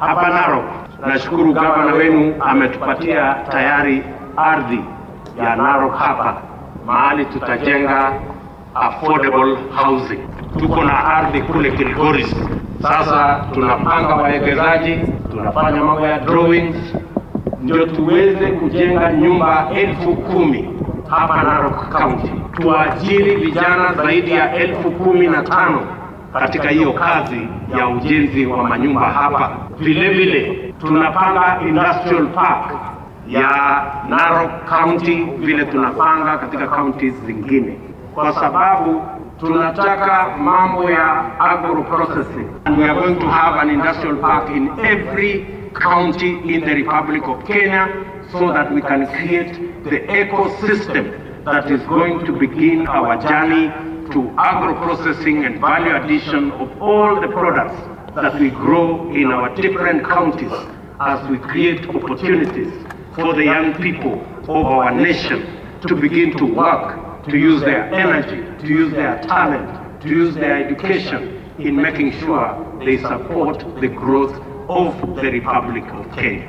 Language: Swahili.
hapa Narok. Nashukuru gavana wenu ametupatia tayari ardhi ya Narok hapa, mahali tutajenga affordable housing. Tuko na ardhi kule Kilgoris, sasa tunapanga wawekezaji, tunafanya mambo ya drawings ndio tuweze kujenga nyumba elfu kumi hapa Narok County, tuajiri vijana zaidi ya elfu kumi na tano katika hiyo kazi ya ujenzi wa manyumba hapa. Vile vile tunapanga industrial park ya Narok County vile tunapanga katika counties zingine, kwa sababu tunataka mambo ya agro processing and we are going to have an industrial park in every county in the Republic of Kenya so that we can create the ecosystem that is going to begin our journey to agro-processing and value addition of all the products that we grow in our different counties as we create opportunities for the young people of our nation to begin to work, to use their energy, to use their talent, to use their education in making sure they support the growth of the Republic of Kenya.